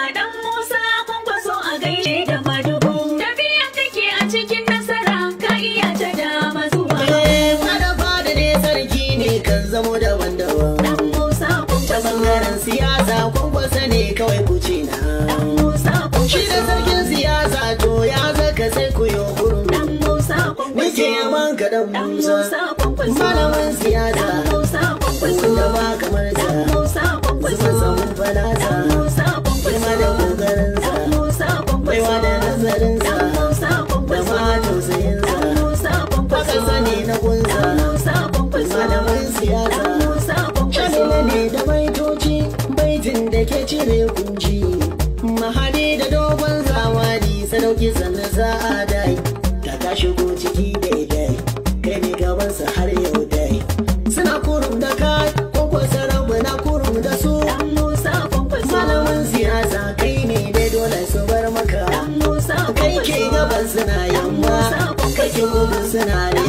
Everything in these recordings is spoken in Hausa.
Dan Musa kwankwaso a gaishe da madugu. Tafiya a cikin nasara ka iya ta dama zuwa. Madafa da ne sarki ne kan zamo daban daban. Dan Musa kwankwaso. siyasa ne kawai na. da sarkin siyasa to ya zaka sai ku yi man Musa. siyasa shamila ne da baitoci baitin da ke cire kunji mahadi da dogon zawadi sadauki sannan za a dai ta shigo ciki daidai kai ne gabansa har yau dai suna kurum da kai na kurum da su malamin siyasa kai ne dai dole su bar maka kai ke gaban suna yamma kai ke suna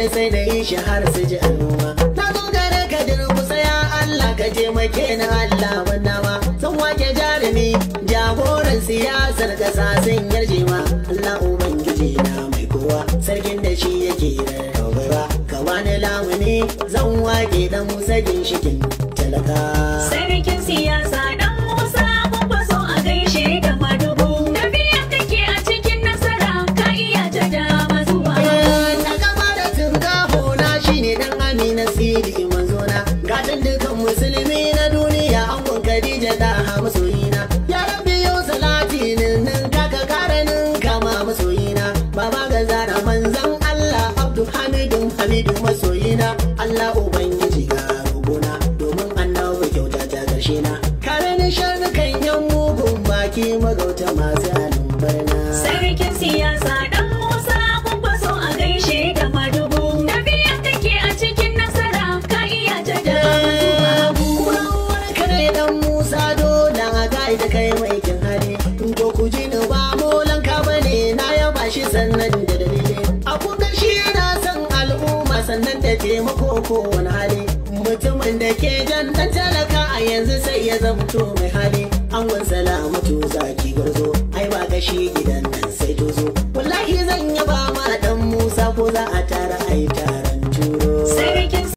kai sai na yi shi har su ji al'umma ta zo gare ka kusa ya Allah ka je make na Allah ma sun wake jarumi jagoran siyasar kasa sun yarje ma Allah ubangiji na mai kowa sarkin da shi yake da kawara, kawane lawani zan wake dan musa ginshikin talaka sarkin hamidu masoyina Allah ubangiji ga rubuna domin annabi kyauta ta karshe na kare ni sharrukan yan mugun baki magauta masu halin barna sarkin siyasa ɗan musa kuma faso a gaishe da madubu. tafiya take a cikin nasara ka iya ta da eh, kada dan musa dole a gaida kai mai kin taimako ko wani hali mutumin da ke jan dan talaka a yanzu sai ya zamto mai hali an salamatu zaki gwarzo ai ba gashi gidan nan sai